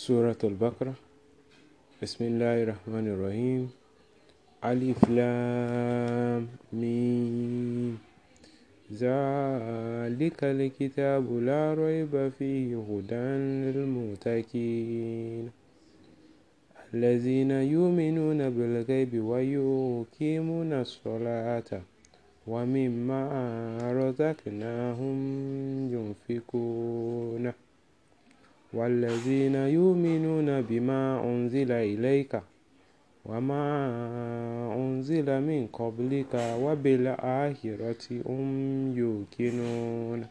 سورة البقرة بسم الله الرحمن الرحيم ألف لام ميم ذلك الكتاب لا ريب فيه هدى للمتقين الذين يؤمنون بالغيب ويقيمون الصلاة ومما رزقناهم ينفقون والذين يؤمنون بما أنزل إليك وما أنزل من قبلك وبالآخرة هم يوقنون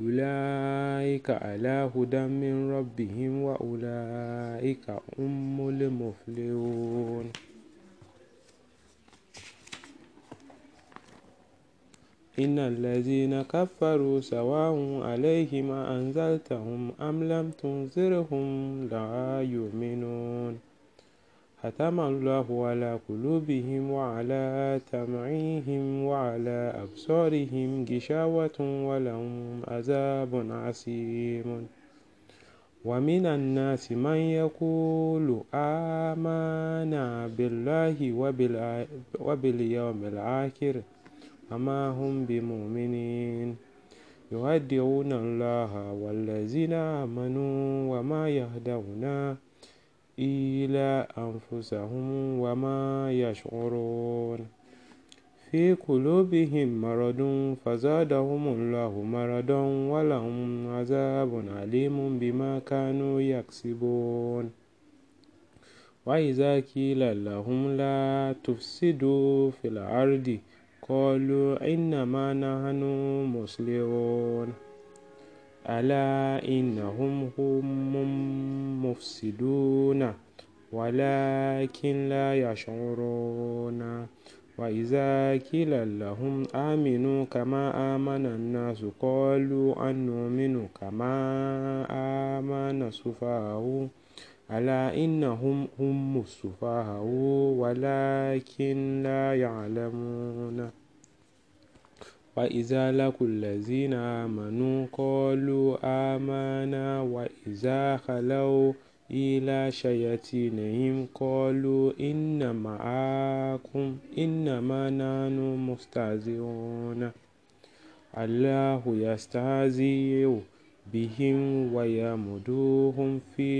أولئك على هدى من ربهم وأولئك هم المفلحون إن الذين كفروا سواء عليهم أنزلتهم أم لم تنذرهم لا يؤمنون ختم الله على قلوبهم وعلى تمعيهم وعلى أبصارهم غشاوة ولهم عذاب عسيم ومن الناس من يقول آمنا بالله وباليوم الآخر وما هم بمؤمنين يهدئون الله والذين آمنوا وما يهدون إلى أنفسهم وما يشعرون في قلوبهم مرض فزادهم الله مرضا ولهم عذاب عليم بما كانوا يكسبون وإذا قيل لهم لا تفسدوا في الأرض قالوا إنما نحن مسلمون ألا إنهم هم مفسدون ولكن لا يشعرون وإذا قيل لهم آمنوا كما آمن الناس قالوا أنؤمن كما آمن سفهاء ألا إنهم هم السفهاء ولكن لا يعلمون وإذا لقوا الذين آمنوا قالوا آمنا وإذا خلوا إلى شياطينهم قالوا إن معكم إنما نحن مستهزئون الله يستهزئ بهم ويمدوهم في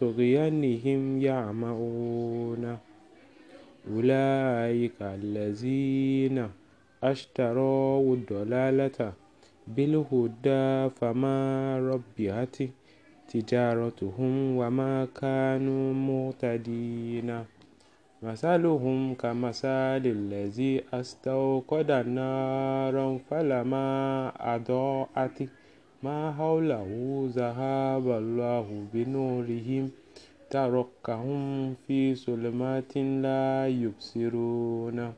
طغيانهم يعمعون أولئك الذين اشتروا الضلالة بالهدى فما ربحت تجارتهم وما كانوا مهتدين مثلهم كمثل الذي استوقد نارا فلما أضاءت ما حوله ذهب الله بنورهم تركهم في ظلمات لا يبصرون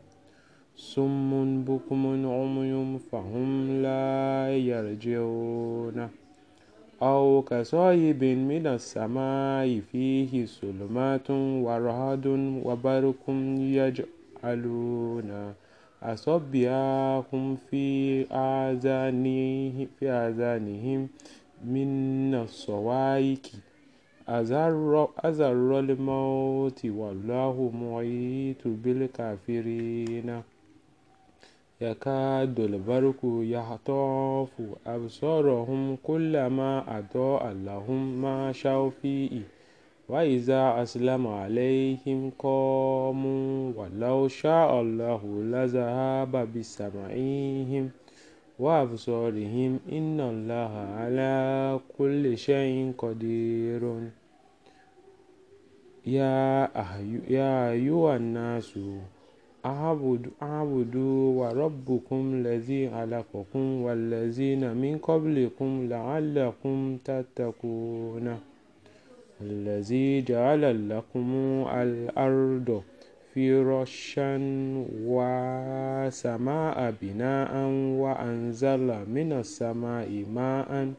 سم بكم عمي فهم لا يرجعون أو كصاحب من السماء فيه ظلمات ورعد وبرق يجعلون أصابعهم في آذانهم في آذانهم من الصواعق أزر الموت والله محيط بالكافرين يكاد البرق يخطف أبصارهم كلما أضاء لهم ما شاء فيه وإذا أسلم عليهم قاموا ولو شاء الله لذهب بسمعهم وأبصارهم إن الله على كل شيء قدير يا أيها الناس أعبدوا وربكم الذي خلقكم والذين من قبلكم لعلكم تتقون الذي جعل لكم الأرض فراشا وسماء بناء وأنزل من السماء ماء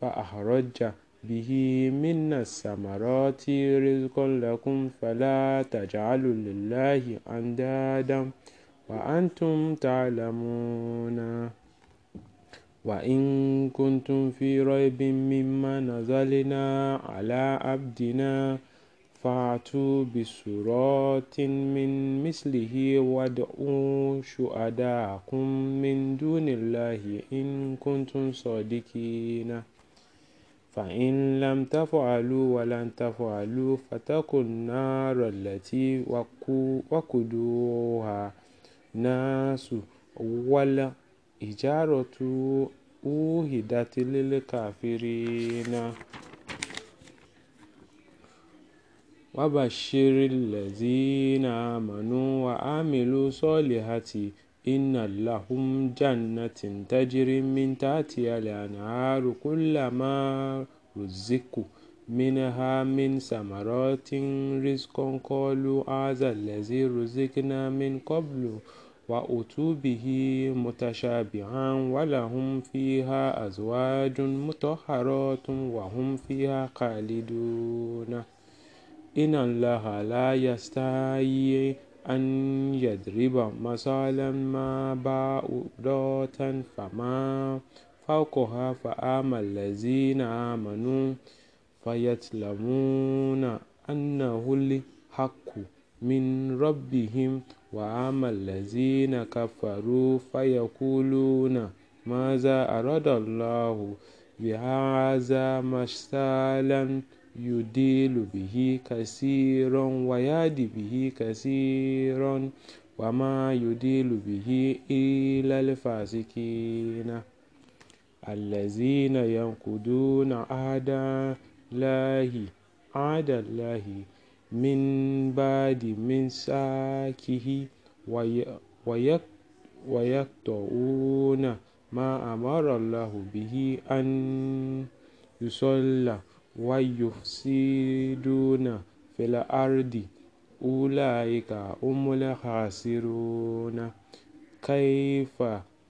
فأخرج به من الثمرات رزقا لكم فلا تجعلوا لله أندادا وأنتم تعلمون وإن كنتم في ريب مما نزلنا على عبدنا فأتوا بسورة من مثله وادعوا شهداءكم من دون الله إن كنتم صادقين فإن لم تفعلوا ولن تفعلوا فتقوا النار التي وقودوها ناس ولا إجارة أوهدت للكافرين وبشر الذين آمنوا وعملوا الصالحات إن لهم جنة تجري من تحتها الأنهار كلما رزقوا منها من ثمرات رزقا قالوا هذا الذي رزقنا من قبل وأتوا به متشابها ولهم فيها أزواج مطهرات وهم فيها خالدون إن الله لا يستحي أن يضرب مثلا ما بعوضة فما فوقها فأما الذين آمنوا فيتلمون أنه الحق من ربهم وأما الذين كفروا فيقولون ماذا أراد الله بهذا مثلا يدل به كثيرا ويهدي به كثيرا وما يدل به إلا الفاسقين الذين ينقضون عهد الله عهد الله من بعد من ساكه ويقطعون ما أمر الله به أن يصلى ويفسدون في الأرض أولئك هم الخاسرون كيف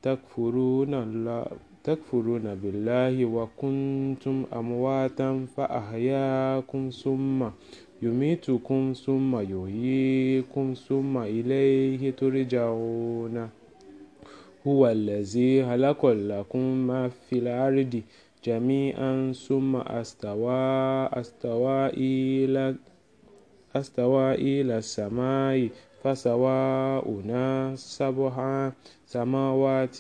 تكفرون الله تكفرون بالله وكنتم أمواتا فأحياكم ثم يميتكم ثم يحييكم ثم إليه ترجعون هو الذي خلق لكم ما في الأرض جميعا ثم استوى استوى إلى استوى إلى السماء فسواؤنا سبع سماوات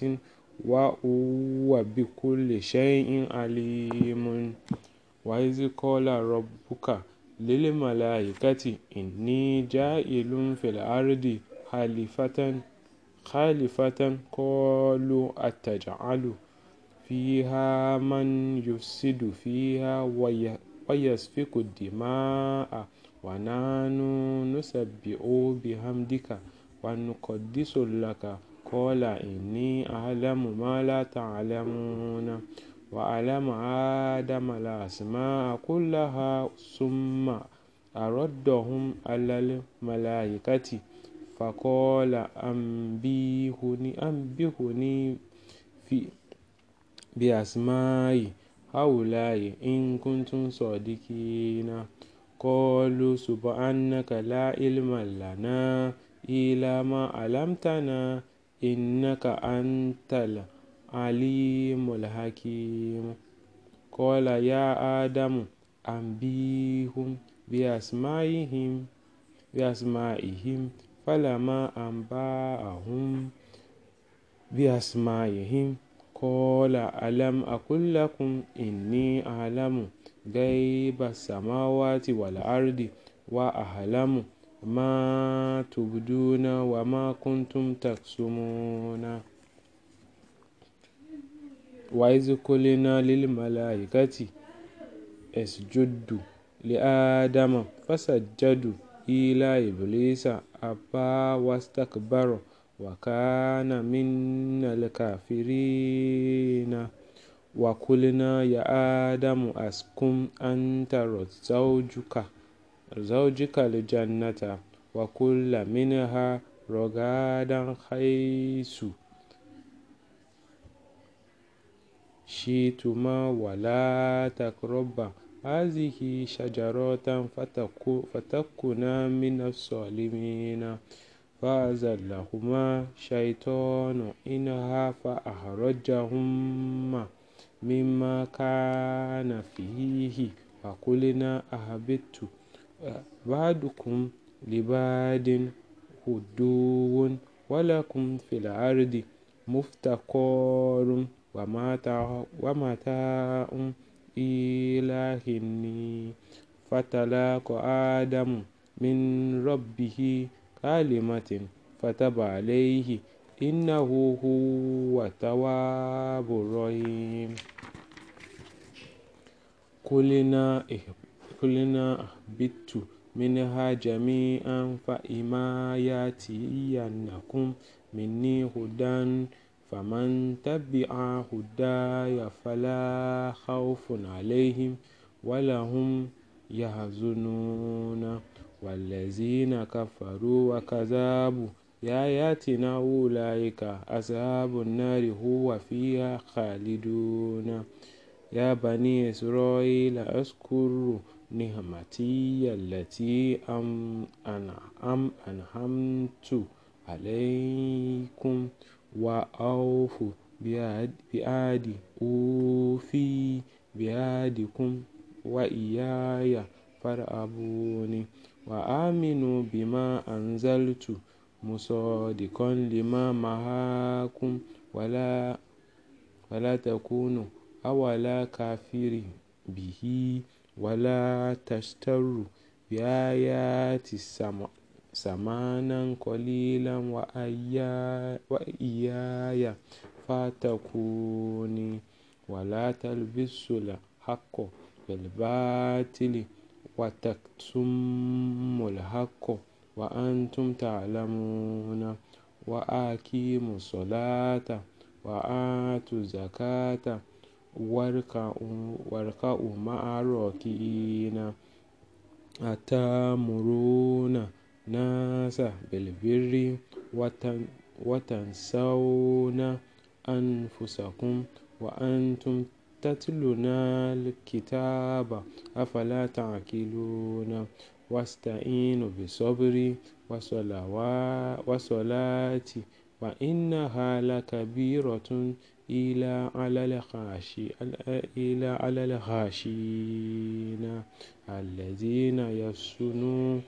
وهو بكل شيء عليم وإذ قال ربك للملائكة إني جائل في الأرض خليفة خليفة قالوا أتجعل فيها من يفسد فيها ويسفك الدماء ونحن نسبح بحمدك ونقدس لك قال إني أعلم ما لا تعلمون وعلم آدم الأسماء كلها ثم أردهم على الملائكة فقال أنبئوني أنبئوني في بأسماء هؤلاء إن كنتم صادقين قالوا سبحانك لا علم لنا إلا ما علمتنا إنك أنت العليم عليم الحكيم قال يا آدم أنبيهم بأسمائهم بأسمائهم فلما أنبأهم بأسمائهم قال ألم أقل لكم إني أعلم غيب السماوات والأرض وأعلم ما تبدون وما كنتم تكسمون waizu kulina lil malaikati esjuddu li adama fasajjadu ila iblisa apa wastakbaro wa kana min alkafirina wa kulina ya adamu askum anta zaujuka zaujuka aljannata wa kulla minha rogadan haisu شئتما ولا تقربا هذه شجرة فتكونا من الصالمين فأزلهما شيطان إنها فأخرجهما مما كان فيه فقلنا أهبت بعدكم لبعد هدو ولكم في الأرض مفتقر ومتاع إلى حين فتلقى آدم من ربه كلمة فتاب عليه إنه هو التواب الرحيم كلنا كلنا أهبت منها جميعا فإما يأتينكم مني هدى فمن تبع هداي فلا خوف عليهم ولا هم يحزنون والذين كفروا وكذبوا بآياتنا أولئك أصحاب النار هو فيها خالدون يا بني إسرائيل اذكروا نعمتي التي أم أنا أم أنعمت عليكم وأوفوا بعهد بعهدي أوفي بعهدكم وإياي فارهبوني وآمنوا بما أنزلت مصدقا لما معكم ولا ولا تكونوا أول كافر به ولا تشتروا بآيات السماء ثمانا قليلا وإياي فاتكوني ولا تلبسوا الحق بالباطل وتكتموا الحق وأنتم تعلمون وأقيموا الصلاة وآتوا الزكاة واركعوا مع الراكعين أتأمرون الناس بالبر وتنسون أنفسكم وأنتم تتلون الكتاب أفلا تعقلون واستعينوا بالصبر والصلاة وإنها لكبيرة إلى على الخاشي إلى على الخاشين الذين يفسنون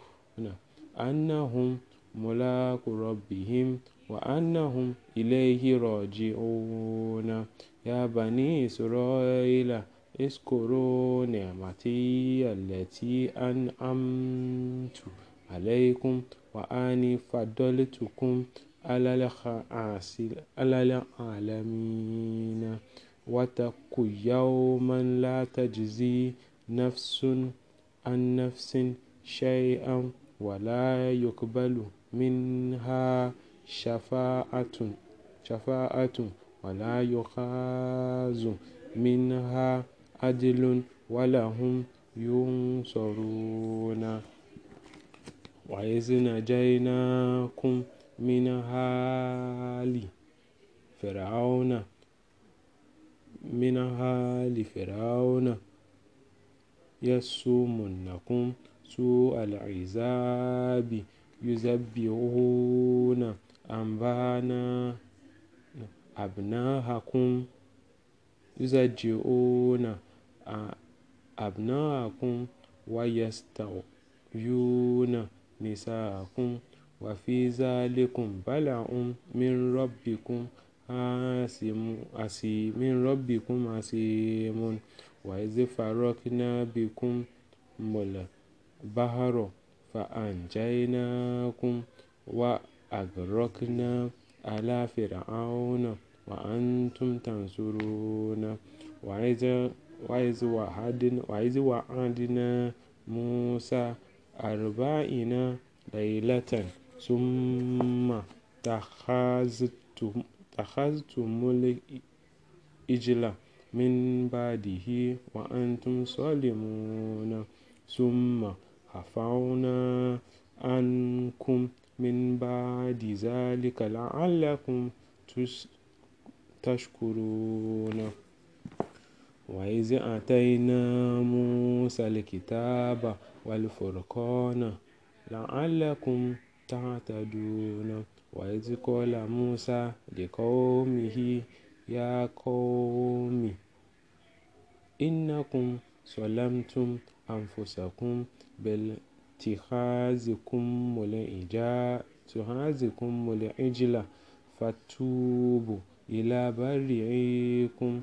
أنهم ملاك ربهم وأنهم إليه راجعون يا بني إسرائيل اذكروا نعمتي التي أنعمت عليكم وأني فضلتكم على العالمين واتقوا يوما لا تجزي نفس عن نفس شيئا ولا يقبل منها شفاعة شفاعة ولا يخاز منها عدل ولهم ينصرون وإذ نجيناكم من آل فرعون من آل فرعون يسومنكم سوء العذاب يذبحون أنبانا أبناءكم يزجعون أبناءكم ويستغيون نساءكم وفي ذلكم بلاء من ربكم عاصم من ربكم عاصم وإذ فرقنا بكم ملك البحر فأنجيناكم وأغرقنا آل فرعون وأنتم تنظرون وإذ وعدنا موسى أربعين ليلة ثم اتخذتم الإجلة من بعده وأنتم صالمون ثم عفونا عنكم من بعد ذلك لعلكم تشكرون وإذ أتينا موسى الكتاب والفرقان لعلكم تعتدون وإذ قال موسى لقومه يا قوم إنكم سلمتم أنفسكم باتخاذكم العجلة فتوبوا إلى بارئكم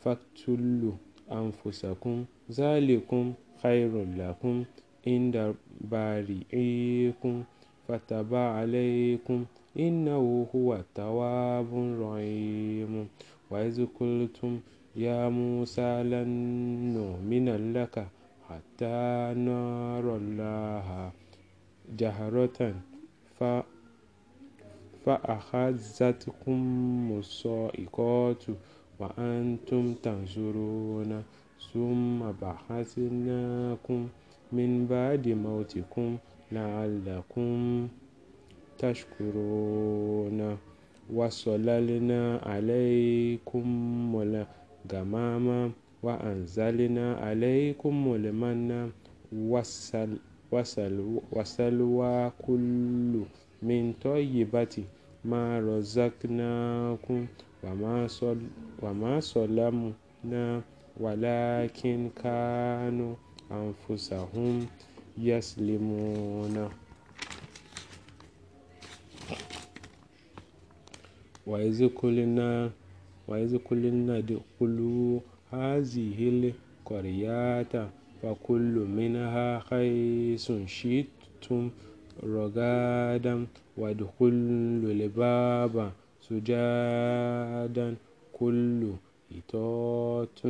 فاقتلوا أنفسكم ذلكم خير لكم عند بارئكم فتاب عليكم إنه هو التواب الرحيم وإذ قلتم يا موسى لن نؤمن لك حتى نرى الله جهرة ف فأخذتكم الصائقات وأنتم تنظرون ثم بعثناكم من بعد موتكم لعلكم تشكرون وسللنا عليكم الغمام وأنزلنا عليكم المن والسل وسل وسلوى كل من طيبات ما رزقناكم وما صل وما صلمنا ولكن كانوا أنفسهم يسلمون وإذ قلنا وإذ قلنا ادخلوا هذه القريات فكل منها حيث شئتم رغدا وادخلوا لبابا سجادا كل إطاعة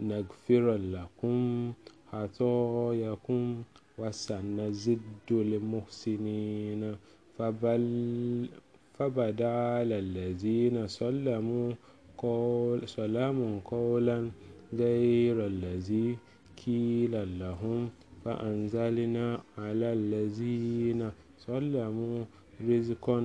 نغفر لكم خطاياكم وسنزد المحسنين فبل فبدال الذين سلموا قول سلام قولا غير الذي قيل لهم فأنزلنا على الذين سلموا رزقا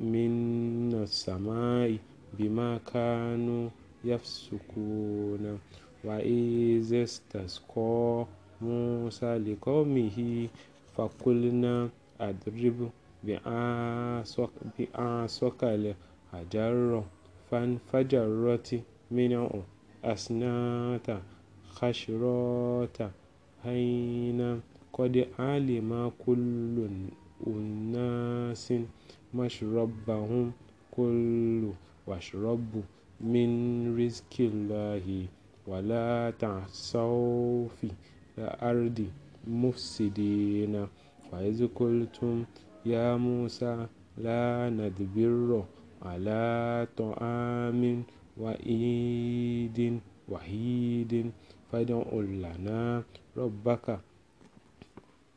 من السماء بما كانوا يفسقون وإذ استسقى موسى لقومه فقلنا أضرب بعصاك الحجر فانفجرت منه أسناتا خشرة عينا قد علم كل أناس مشربهم كل واشربوا من رزق الله ولا تعصوا في الأرض مفسدين وإذ قلتم يا موسى لا ندبر على طعام وعيد وحيد فادع لنا ربك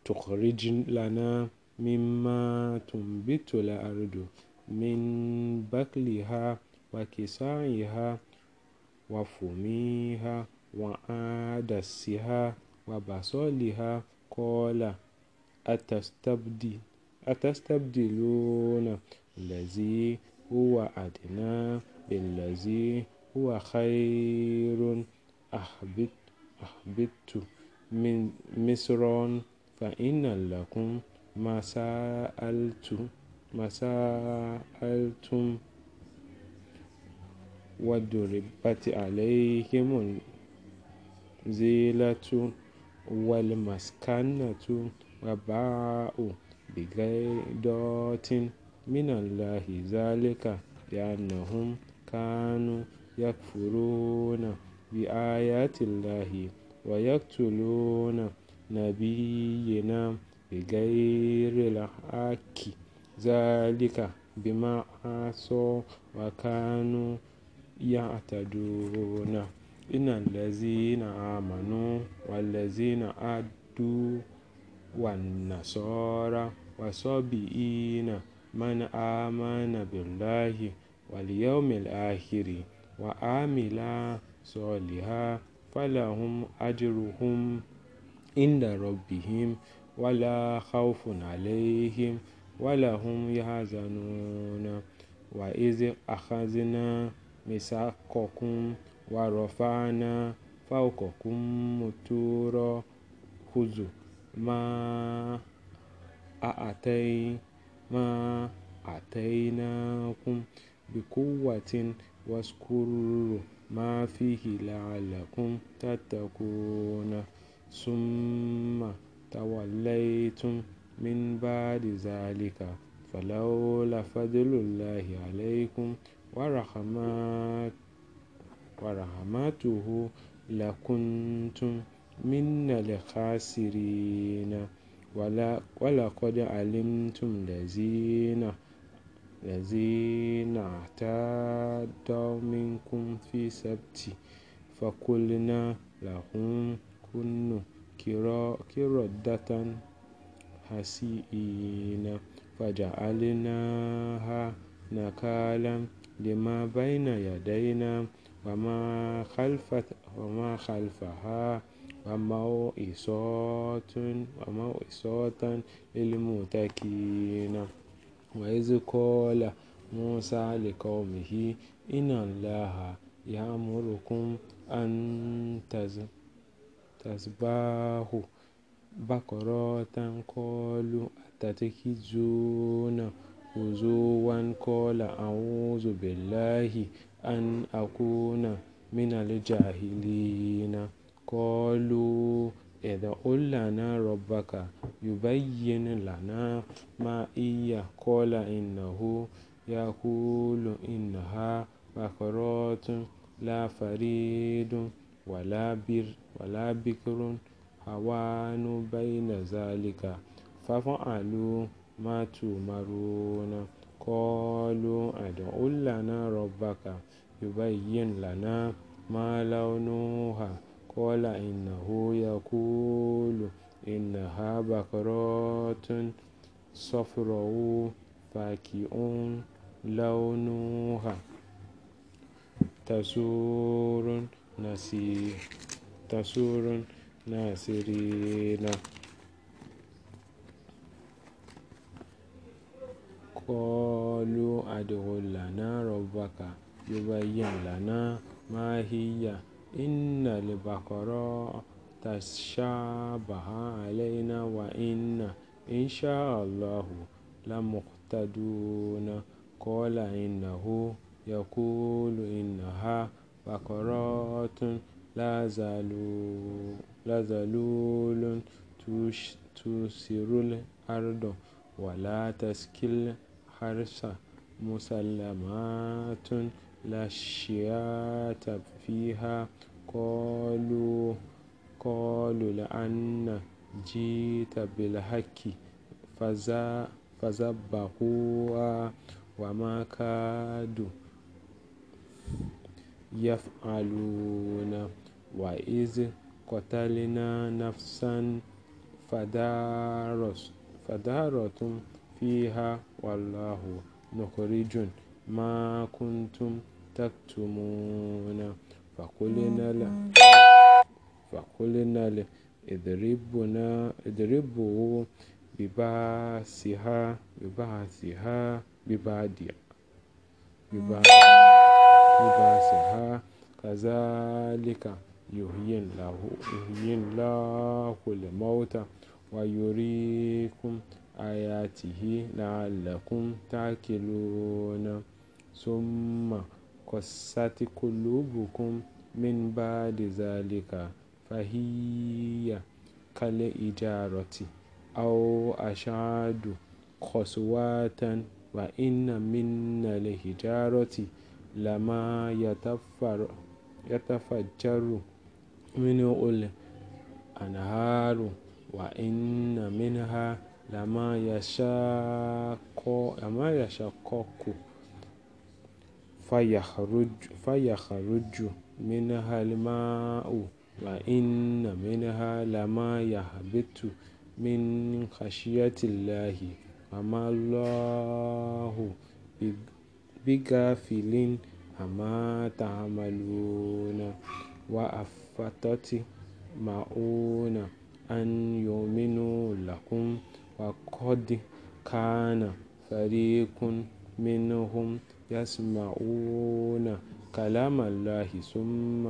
تخرج لنا مما تنبت الأرض من بكلها وكسائها وفميها وعدسها وبصلها قال أتستبدل أتستبدلون الذي هو أدنى بالذي هو خير أحبط أحبطت من مصر فإن لكم ما سألتم ما سألتم وضربت عليهم الزلة والمسكنة وباءوا بغيدة من الله ذلك بأنهم كانوا يكفرون بآيات الله ويقتلون نبينا بغير الحق ذلك بما عصوا وكانوا يعتدون إن الذين آمنوا والذين عدوا والنصارى وصابئين من آمن بالله واليوم الآخر وعمل صالحا فلهم أجرهم عند ربهم ولا خوف عليهم ولا هم يحزنون وإذ أخذنا ميثاقكم ورفعنا فوقكم الطور خذوا ما أعطيتم ما اتيناكم بقوة واذكروا ما فيه لعلكم تتقون ثم توليتم من بعد ذلك فلولا فضل الله عليكم ورحمته لكنتم من الخاسرين ولقد علمتم الذين الذين اعتدوا منكم في سبت فقلنا لهم كنوا كرادة حسينا فجعلناها نكالا لما بين يدينا وما وما خلفها وموئصة وموئصة للمتكين وإذ قال موسى لقومه إن الله يأمركم أن تذبحوا بقرة قالوا أتتخذون هزوا قال أعوذ بالله أن أكون من الجاهلين قالوا إذا قل لنا ربك يبين لنا ما إيه قال إنه يقول إنها بقرة لا فريد ولا بر ولا بكر هوان بين ذلك ففعلوا ما تؤمرون قالوا ادع لنا ربك يبين لنا ما لونها قال إنه يقول إنها بقرة صفراء فاكئ لونها تسور نسي تسور ناسرين قالوا أدعو لنا ربك يبين لنا ما هي إن البقرة تشابه علينا وإن إن شاء الله لمقتدون قال إنه يقول إنها بقرة لا زلول تسر الأرض ولا تسكي الحرث مسلمات الأشياء فيها قالوا قالوا لأن جئت بالحق فذبحوها وما كادوا يفعلون وإذ قتلنا نفسا فدارت فدارتم فيها والله نخرج ما كنتم تكتمون فقلنا له فقلنا له اضربنا اضربوا بباسها بباسها ببادية بباسها كذلك يحيي الله يحيي الله الموتى ويريكم آياته لعلكم تعقلون ثم قست قلوبكم من بعد ذلك فهي كالإجارة أو أشاد قسوة وإن من الحجارة لما يتفر يتفجر منه الأنهار وإن منها لما يشقق لما يشقق فيخرج, فيخرج منها الماء وإن منها لما يهبط من خشية الله وما الله بغافل عما تعملون وأفتت معون أن يؤمنوا لكم وقد كان فريق منهم يسمعون كلام الله ثم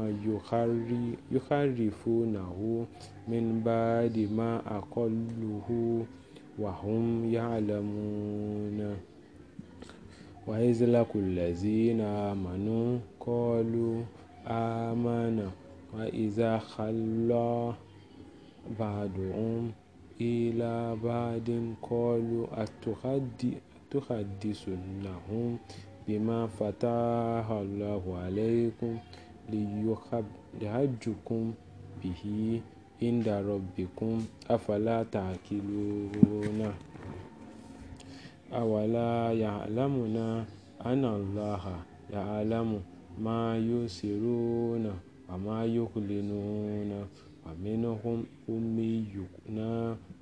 يخرفونه من بعد ما أقله وهم يعلمون وإذ لك الذين آمنوا قالوا آمنا وإذا خلى بعضهم إلى بعد قالوا أتحدثنهم بما فتح الله عليكم ليحجكم به عند ربكم أفلا تعقلون أولا يعلمنا أن الله يعلم ما يسرون وما يعلنون ومنهم أميون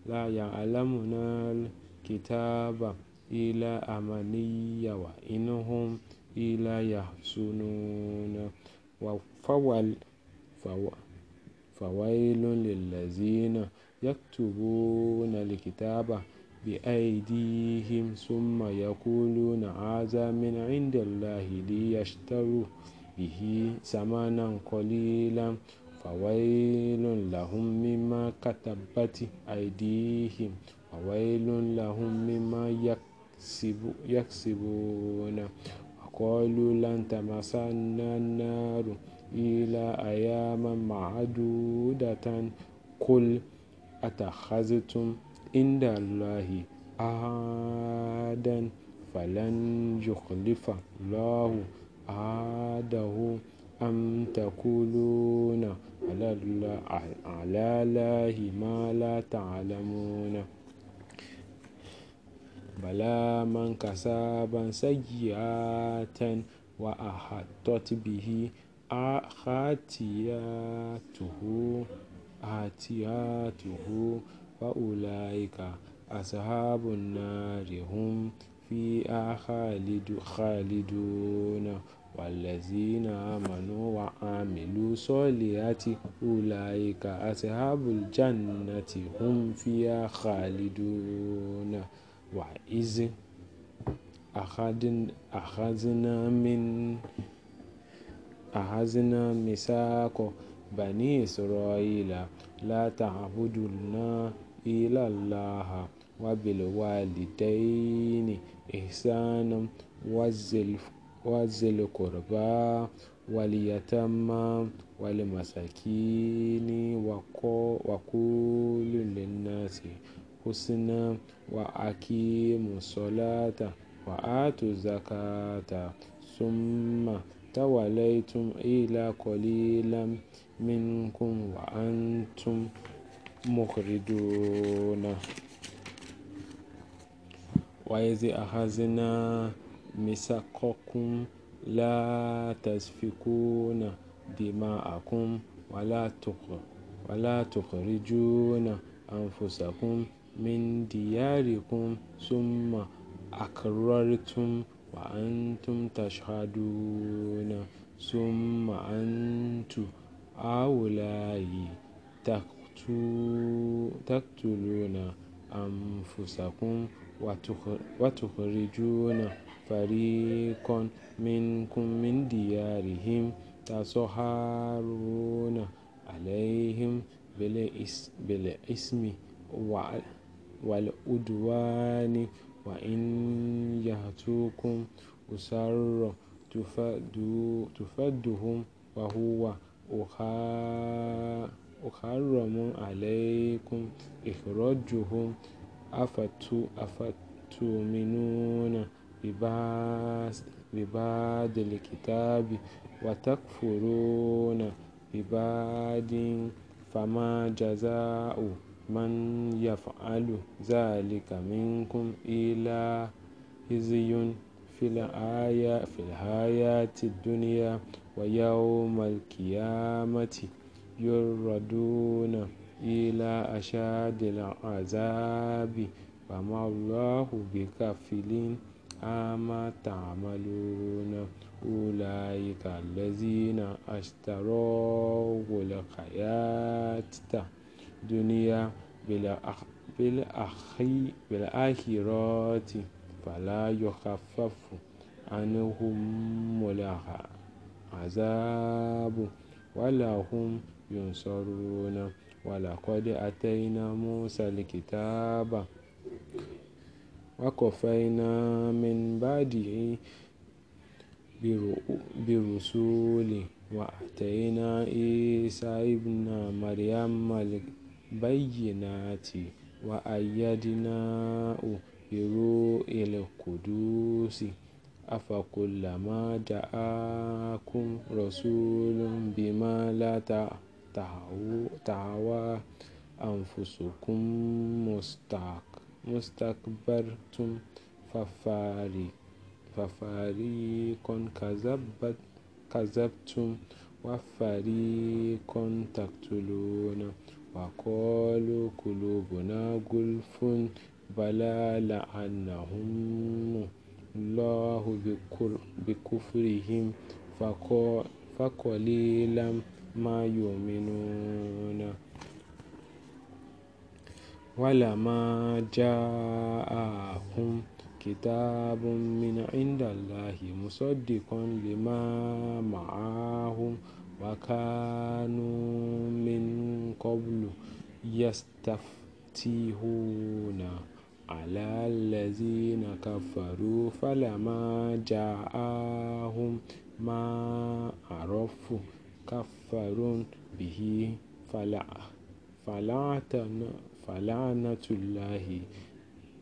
لا يعلمون الكتاب إلى أمني وإنهم إلا يحسنون فوال فويل للذين يكتبون الكتاب بأيديهم ثم يقولون هذا من عند الله ليشتروا به ثمنا قليلا فويل لهم مما كتبت أيديهم وويل لهم مما يكتبون يكسبون وقالوا لن تمسنا النار إلى أياما معدودة قل أتخذتم عند الله عهدا فلن يخلف الله عهده أم تقولون على الله ما لا تعلمون بلا من كسب سيئات وأحطت به خاتياته خاتياته فأولئك أصحاب النار هم فيها خالد خالدون والذين آمنوا وعملوا الصالحات أولئك أصحاب الجنة هم فيها خالدون وإذ أخذنا من أخذنا ميثاق بني إسرائيل لا تعبدون إلا الله وبالوالدين إحسانا وذي القربى واليتامى والمساكين وقولوا للناس الحسنى وأقيموا الصلاة وآتوا الزكاة ثم توليتم إلى قليلا منكم وأنتم مخرجون وإذ أخذنا ميثاقكم لا تسفكون دماءكم ولا تخرجون أنفسكم من دياركم ثم أقررتم وأنتم تشهدون ثم أنتم هؤلاء تقتلون أنفسكم وتخرجون فريقا منكم من ديارهم تصهرون عليهم بالإسم والعدوان وإن يأتوكم أسارى تفدهم وهو أحرم عليكم إخراجهم أفتؤمنون ببعض الكتاب وتكفرون ببعض فما جزاؤه من يفعل ذلك منكم إلى خزي في الآية في الحياة الدنيا ويوم القيامة يردون إلى أشد العذاب وما الله بكفل أما تعملون أولئك الذين اشتروا الحياة الدنيا بالآخرة فلا يخفف عنهم ولا عذاب ولا هم ينصرون ولقد أتينا موسى الكتاب وكفينا من بعده برسول وأتينا عيسى ابن مريم الكتاب بالبينات وأيدناه بروح القدس أفكلما جاءكم رسول بما لا تهوى أنفسكم مستكبرتم ففريق ففريقا كذبت كذبتم وفريقا تقتلون وقالوا قلوبنا غلف بلى لعنهم الله بكفرهم فقليلا ما يؤمنون ولما جاءهم كتاب من عند الله مصدق لما معهم وكانوا من قبل يستفتيهون على الذين كفروا فلما جاءهم ما عرفوا كفروا به فلا فلعنة الله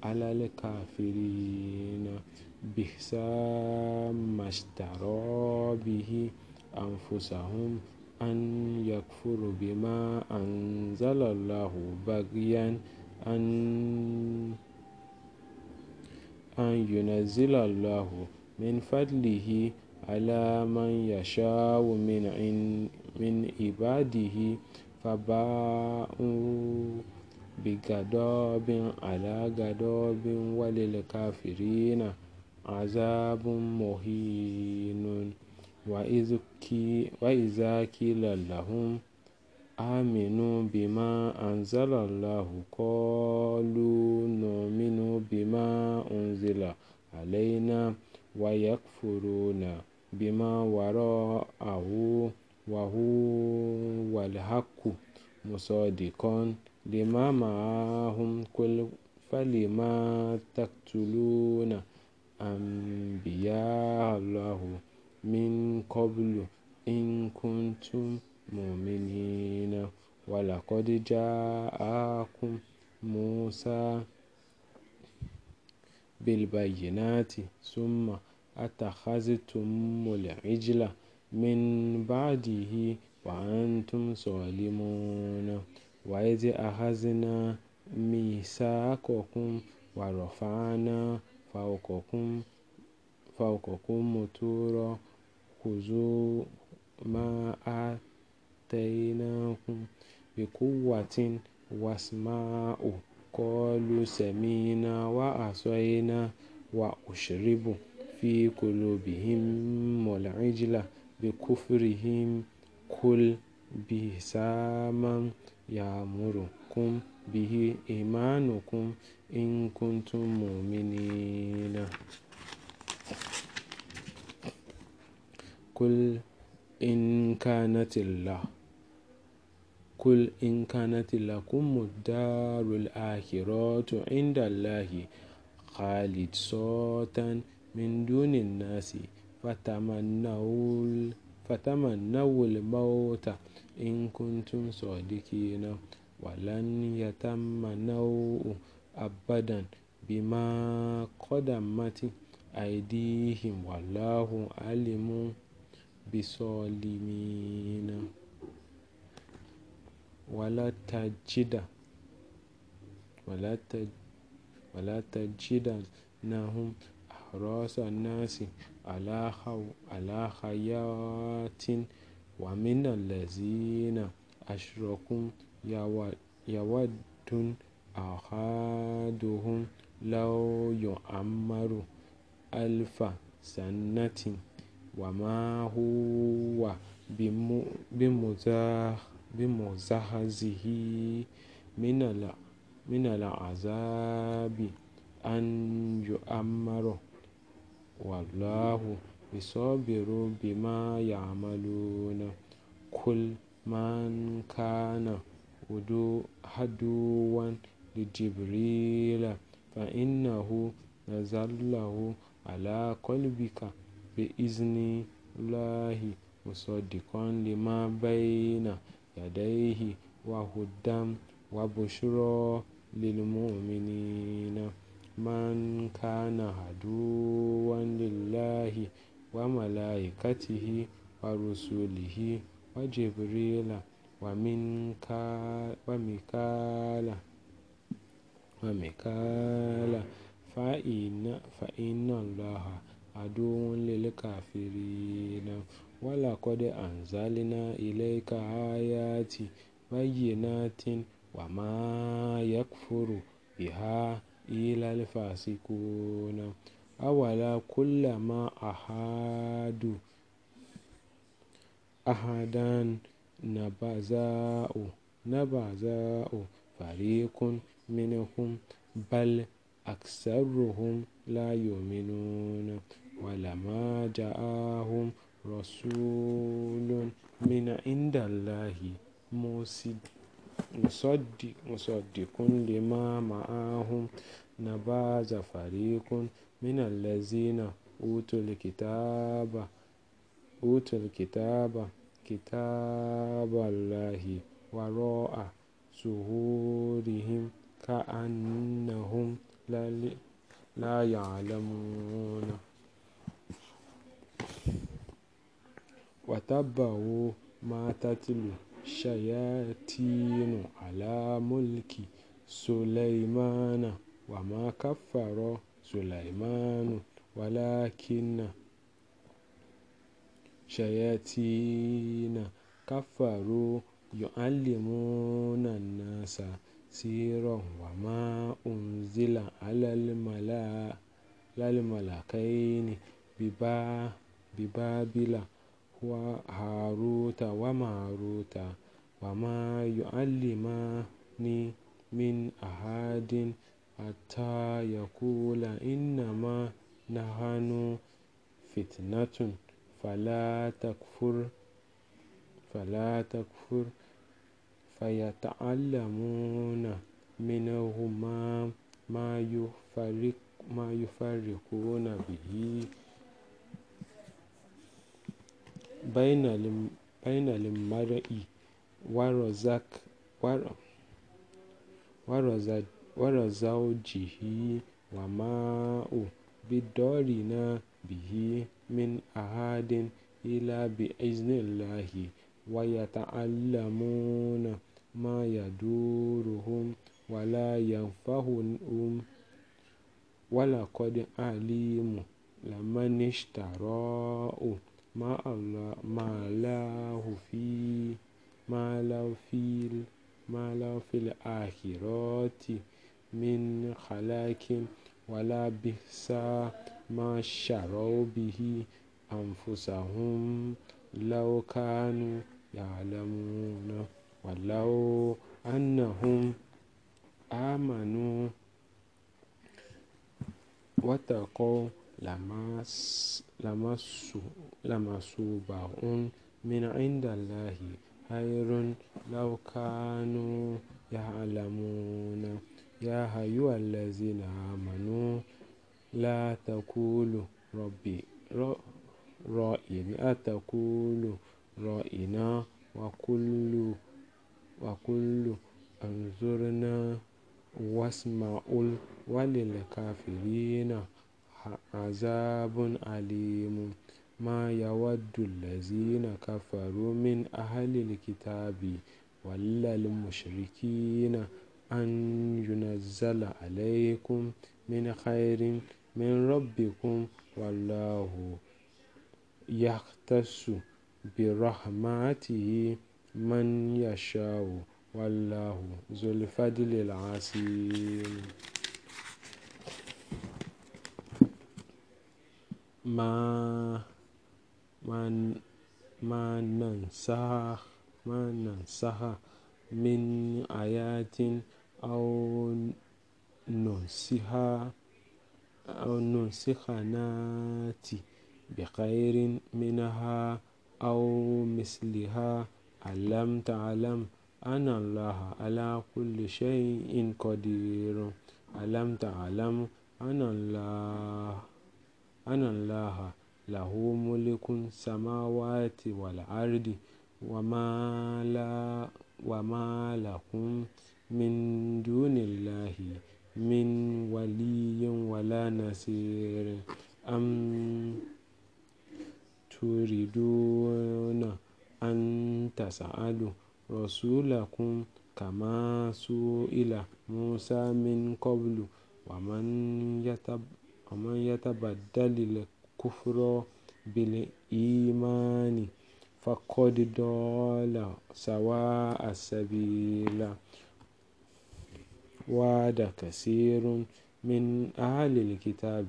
على الكافرين بئس ما به أنفسهم أن يكفروا بما أنزل الله بغيا أن أن ينزل الله من فضله على من يشاء من من عباده فباءوا بغضب على غضب وللكافرين عذاب مهين وإذا قيل لهم آمنوا بما أنزل الله قالوا نؤمن بما أنزل علينا ويكفرون بما وراءه وهو الحق مصادقا لما معهم قل فلما تقتلون أنبياء الله من قبل إن كنتم مؤمنين ولقد جاءكم موسى بالبينات ثم أتخذتم العجل من بعده وأنتم ظالمون وإذ أخذنا ميثاقكم ورفعنا فوقكم فوقكم الطور خذوا ما آتيناكم بقوة واسمعوا قالوا سمينا وعصينا وأشربوا في قلوبهم العجلة بكفرهم قل بئس ما يأمركم به إيمانكم إن كنتم مؤمنين قل إن كانت الله قل إن كانت لكم الدار الآخرة عند الله خالد صوتا من دون الناس فتمنوا فتمنوا الموت إن كنتم صادقين ولن يتمنوا أبدا بما قدمت أيديهم والله عليم بالظالمين ولا تجد ولا تجد ولا تجدنهم أحراس الناس على خو على خيات ومن الذين أشركوا يود أحدهم لو يعمر ألف سنة وما هو بمزهزه من العذاب أن يؤمر والله يصبر بما يعملون كل من كان هدوا لجبريل فإنه نزل له على قلبك بإذن الله مصدقا لما بين يديه وهدى وبشرى للمؤمنين من كان عدوا لله وملائكته ورسله وجبريل ومنكا ومكالا ومكالا فإن, فإن الله عدو للكافرين ولقد أنزلنا إليك آيات بينات وما يكفر بها إلا الفاسقون أولا كلما أحادوا أحدا نبذاء نبذاء فريق منهم بل أكثرهم لا يؤمنون ولما جاءهم رسول من عند الله مصدق مصدق لما معهم نباز فريق من الذين أوتوا الكتاب أوتوا الكتاب كتاب الله وراء ظهورهم كأنهم لا يعلمون واتبعوا ما تتلو الشياطين على ملك سليمان وما كفر سليمان ولكن شياطين كفروا يعلمون الناس سيرا وما أنزل على الملائكين ببابل ببابل وهاروت وماروت وما يعلمان من أحد حتى يقول إنما نحن فتنة فلا تكفر فلا تكفر فيتعلمون منهما ما يفرق ما يفرقون به بين المرء وزوجه وما بدورنا به من أحد إلا بإذن الله ويتعلمون ما يدورهم ولا ينفعهم ولقد علموا لمن اشتراه ما الله ما له في ما له في ما له في الآخرة من خلاك ولا بئس ما شروا به أنفسهم لو كانوا يعلمون ولو أنهم آمنوا واتقوا لما لمتبوع من عند الله خير لو كانوا يعلمون يا أيها الذين آمنوا لا تقولوا ربي رأينا تقولوا رأينا وكلوا وكلوا انظرنا واسمعوا وللكافرين عذاب أليم ما يود الذين كفروا من أهل الكتاب ولا المشركين أن ينزل عليكم من خير من ربكم والله يختص برحمته من يشاء والله ذو الفضل العظيم ما ما ما ننساها ما ننساها من آيات أو ننسها أو ننسخ ناتي بخير منها أو مثلها ألم تعلم أن الله على كل شيء قدير ألم تعلم أن الله أن الله له ملك السماوات والأرض وما, لا وما لكم من دون الله من ولي ولا نصير أم تريدون أن تسألوا رسولكم كما سئل موسى من قبل ومن يتبع ومن يتبدل الكفر بالإيمان فقد ضل سواء السبيل وعد كثير من أهل الكتاب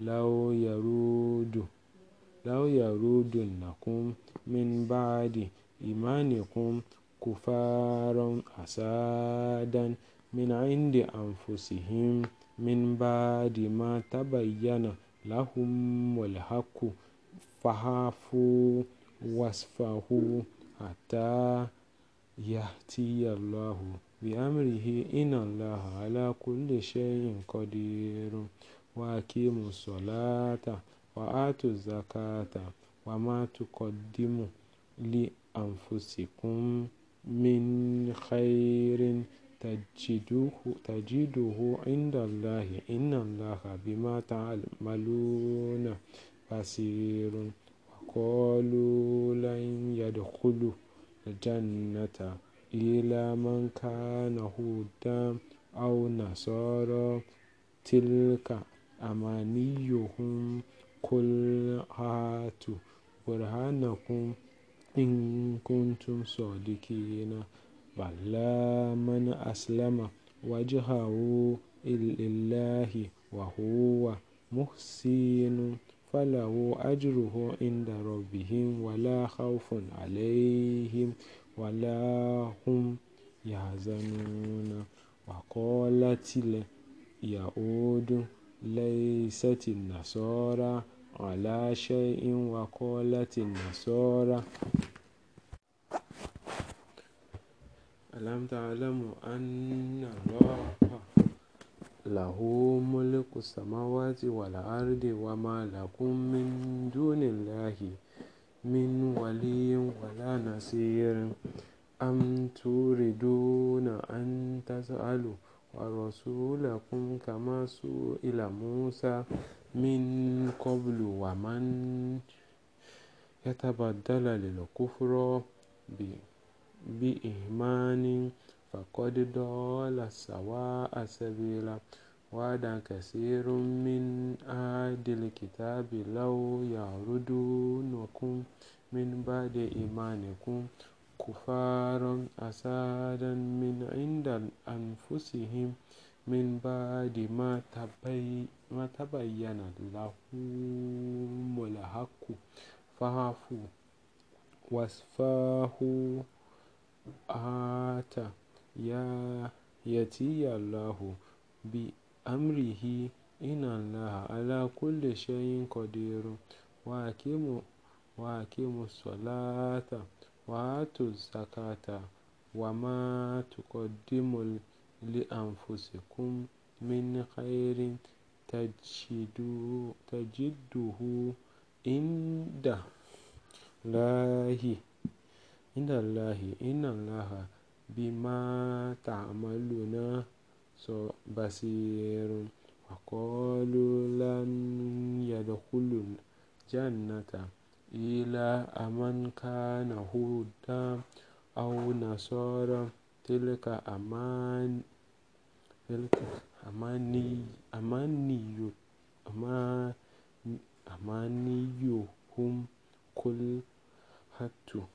لو يرود لو يرودنكم من بعد إيمانكم كفارا أسادا من عند أنفسهم من بعد ما تبين لهم الحق فاعفوا واصفحوا حتى يأتي الله بأمره إن الله على كل شيء قدير وأقيموا الصلاة وآتوا الزكاة وما تقدموا لأنفسكم من خير تجده تجده عند الله إن الله بما تعملون بصير وقالوا لن يدخلوا الجنة إلا من كان هودا أو نصارى تلك أمانيهم قل هاتوا برهانكم إن كنتم صادقين بلى من أسلم وجهه لله وهو محسن فله أجره عند ربهم ولا خوف عليهم ولا هم يحزنون وقالت اليهود ليست النصارى على شيء وقالت النصارى lantarki ala mu an na ba fa lahou moleku sama wa ce min doni lahi min wale-wale na tsere an an tatsun alu wa rassu kama su ila musa min kobluwa ma keta ba dala lelukufu be. بإيمان فقد ضل سواء سبيلا وعدا كثير من أهل الكتاب لو يعرضونكم من بعد إيمانكم كفارا أسادا من عند أنفسهم من بعد ما, تبي ما تبين لهم الحق فاعفوا واصفحوا allahu bi amrihi ina allaha ala kulle shayin kodiru wa kimu salata wa tu zakata wa ma tuqaddimu li anfusikum min khairin tajiduhu inda lahi. عند الله إن الله بما تعملون بصير وقالوا لن يدخل الجنة إلا من كان هودا أو نصارى تلك أمان تلك أماني أماني أمانيهم قل هاتوا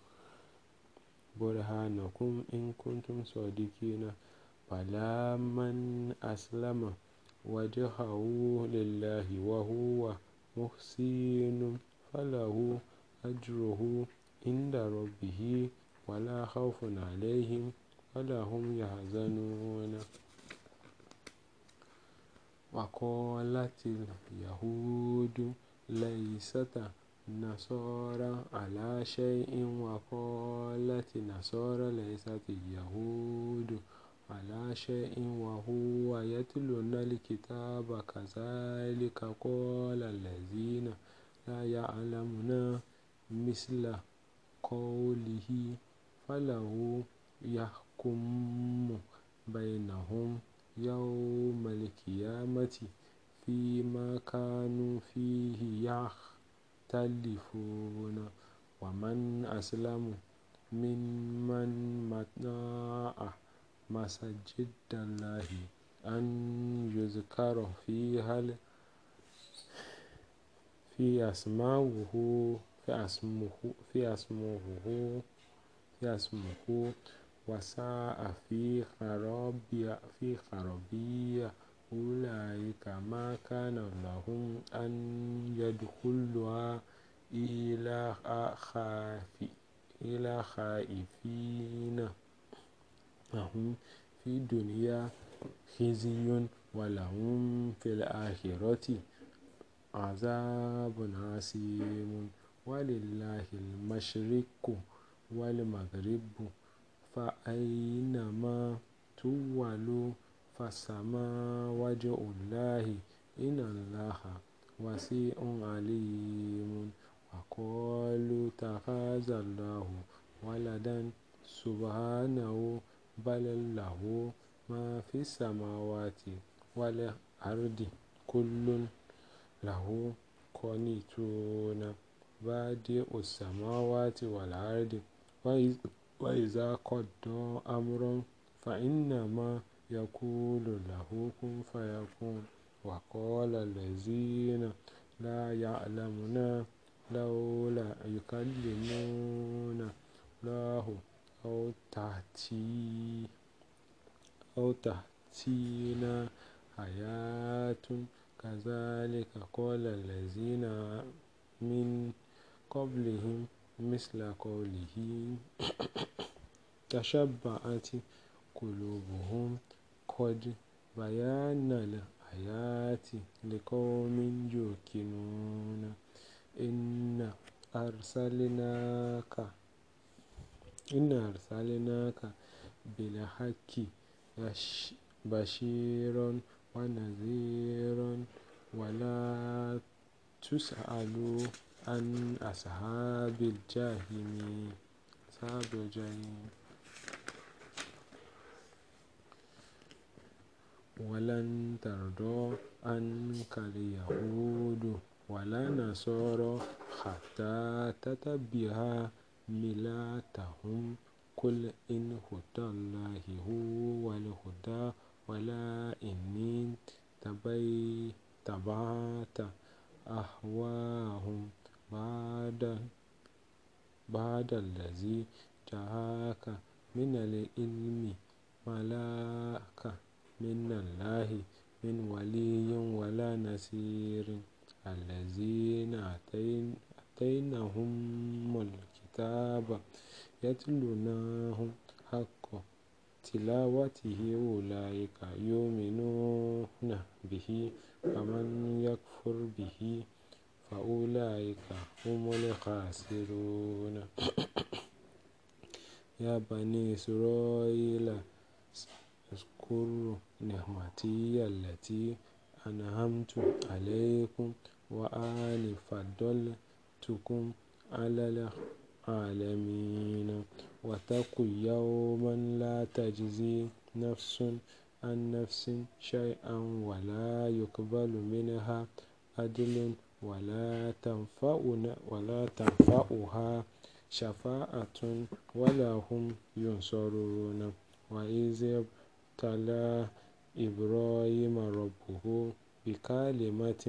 برهانكم إن كنتم صادقين فلا من أسلم وجهه لله وهو محسن فله أجره عند ربه ولا خوف عليهم ولا هم يحزنون وقالت اليهود ليست النصارى على شيء وقالت النصارى ليست اليهود على شيء وهو يتلون الكتاب كذلك قال الذين لا يعلمون مثل قوله فله يحكم بينهم يوم القيامة فيما كانوا فيه يختلفون يختلفون ومن أسلم من منع مسجد الله أن يذكر فيها في أسماؤه في أسمه في أسمه في أسمه وساء في خرابية في خرابية أولئك ما كان لهم أن يدخلوها إلا إلى خائفين لهم في الدنيا خزي ولهم في الآخرة عذاب عسيم ولله المشرق والمغرب فأينما تولوا فالسماء وجه الله إن الله وسيع عليم وقالوا اتخذ الله ولدا سبحانه بل له ما في السماوات والأرض كل له قانتون بادئ السماوات والأرض وإذا قضى أمر فإنما يقول له كن فيكون وقال الذين لا يعلمون لولا يكلمون الله أو تأتي أو تأتينا آيات كذلك قال الذين من قبلهم مثل قولهم تشبعت قلوبهم قد بينا الآيات لقوم يوقنون إنا أرسلناك إنا أرسلناك بالحق بشيرا ونذيرا ولا تسأل عن أصحاب الجحيم أصحاب الجحيم ولن ترضى عنك اليهود ولا نصارى حتى تتبع ملاتهم قل إن هدى الله هو الهدى ولئن تبعت أهواهم بعد بعد الذي جاءك من العلم ملاك من الله من ولي ولا نصير الذين أتيناهم الكتاب يتلونه حق تلاوته أولئك يؤمنون به فمن يكفر به فأولئك هم الخاسرون يا بني إسرائيل اذكروا نعمتي التي أنعمت عليكم وأني فضلتكم على العالمين واتقوا يوما لا تجزي نفس عن نفس شيئا ولا يقبل منها عدل ولا تنفعنا ولا تنفعها شفاعة ولا هم ينصرون وإذ ابتلى إبراهيم ربه بكلمة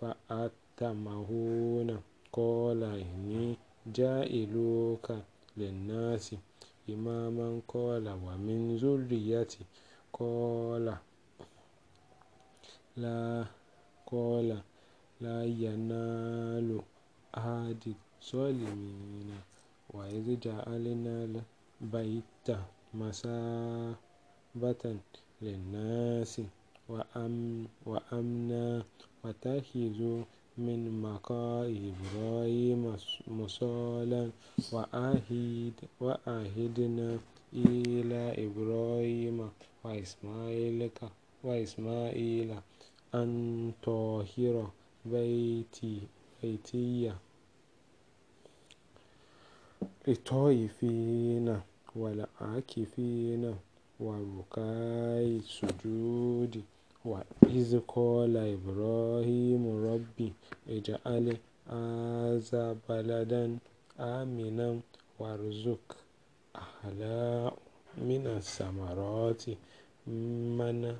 فأتمهن قال إني جائلك للناس إماما قال ومن ذريتي قال لا قال لا ينال أحد الظالمين وإذ جعلنا البيت مساء رحبة للناس وأمنا واتخذوا من مقاء إبراهيم مصالا وأهد وأهدنا إلى إبراهيم وإسماعيل وإسماعيل أن طهر بيتي بيتي للطائفين والعاكفين وركاع السجود وإذ قال إبراهيم ربي اجعل هذا بلدا آمنا وارزق أهله من الثمرات من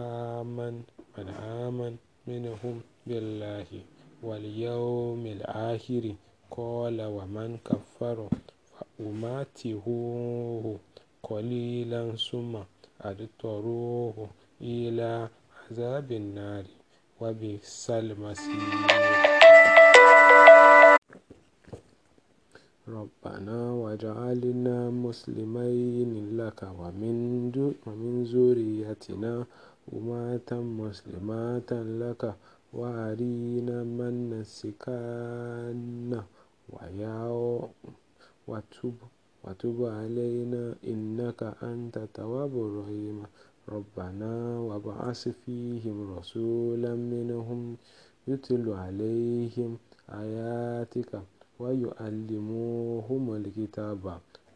آمن من آمن منهم بالله واليوم الآخر قال ومن كفر فأماته قليلا ثم أضطروه إلى عذاب النار وبئس المصير ربنا وجعلنا مسلمين لك ومن ومن ذريتنا أمة مسلمة لك وأرينا من نسكنا ويا وتب وتب علينا إنك أنت التواب الرحيم ربنا وابعث فيهم رسولا منهم يتل عليهم آياتك ويعلموهم الكتاب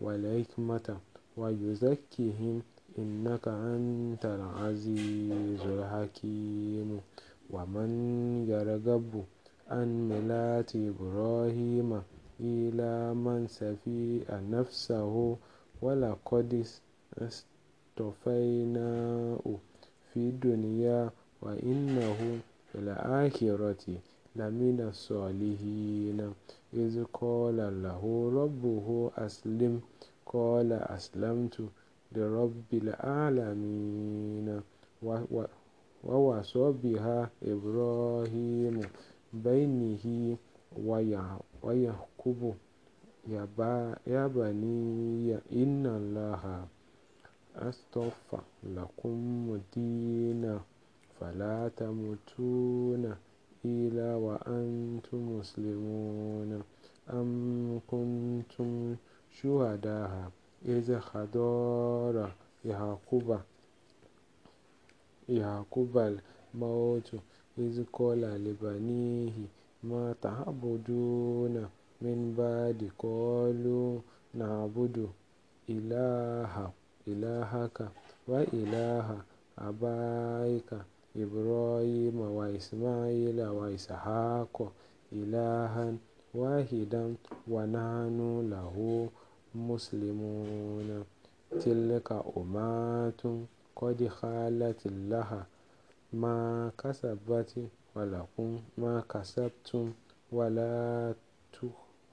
والحكمة ويزكيهم إنك أنت العزيز الحكيم ومن يرغب عن ملات إبراهيم إلى من سفي نفسه ولقد استفيناه في الدنيا وإنه في الآخرة لمن الصالحين إذ قال له ربه أسلم قال أسلمت لرب العالمين ووصى بها إبراهيم بينه ويعقوب ويعقوب يا بني إن الله اصطفى لكم الدين فلا تموتون إلا وأنتم مسلمون أم كنتم شهداء إذ حضر يعقوب يعقوب الموت إذ قال لبنيه ما تعبدون من بعد قالوا نعبد إله إلهك وإله أبائك إبراهيم وإسماعيل وإسحاق إلها واحدا ونحن له مسلمون تلك أمة قد خالت لها ما كسبت ولكم ما كسبتم ولا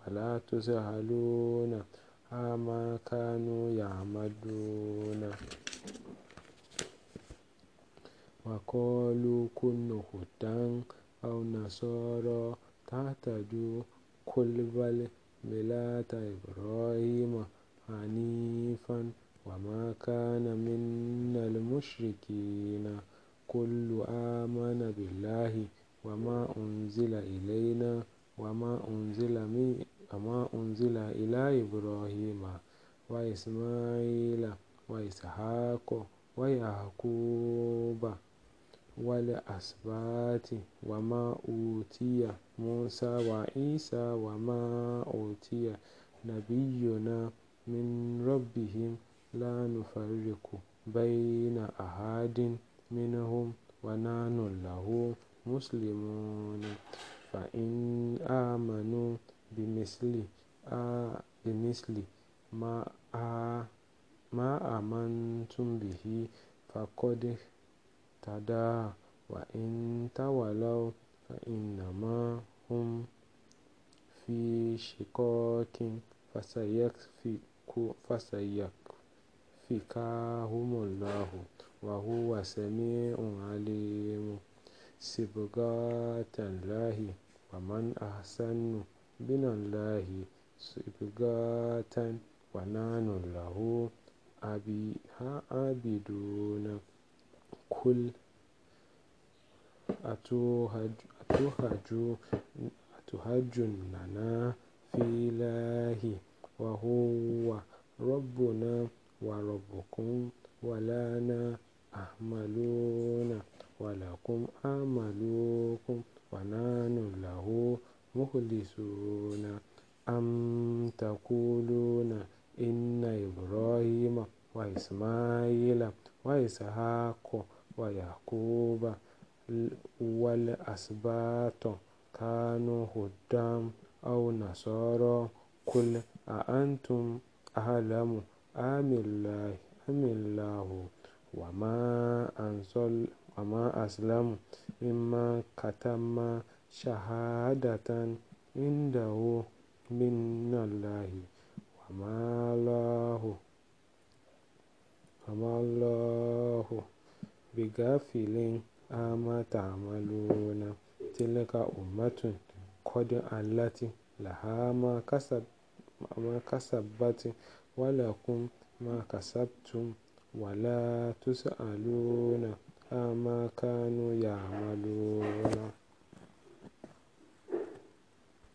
ولا تسألون عما كانوا يعملون وقالوا كن هدى أو نصارى تهتدوا كل بل ملة إبراهيم حنيفا وما كان من المشركين kullu amana billahi wama unzila ilaina wama unzila min wama unzila ila Ibrahima wa Ismaila wa Ishaqo wa Yaquba wal asbati wama utiya Musa wa Isa wama utiya nabiyuna min rabbihim la nufariku bayna ahadin منهم ونحن له مسلمون فإن آمنوا بمثل آه بمثل ما آه ما آمنتم به فقد اهتدى وإن تولوا فإنما هم في شقاق فسيكفيكهم الله وهو سميع عليم صبغة الله ومن أحسن من الله صبغة ونحن له كل قل أتهجننا في الله وهو ربنا وربكم ولنا أعملون ولكم أعملكم ونحن له مخلصون أم تقولون إن إبراهيم وإسماعيل وإسحاق ويعقوب والأسباط كانوا هدام أو نصارى قل أأنتم أعلم أم الله أم الله وما أنزل وما أسلم إما كتم شهادة عنده من الله وما الله وما الله بغافل أما تعملون تلك أمة قد علت لها ما كسب ما كسبت ولكم ما كسبتم ولا تسألون أما كانوا يعملون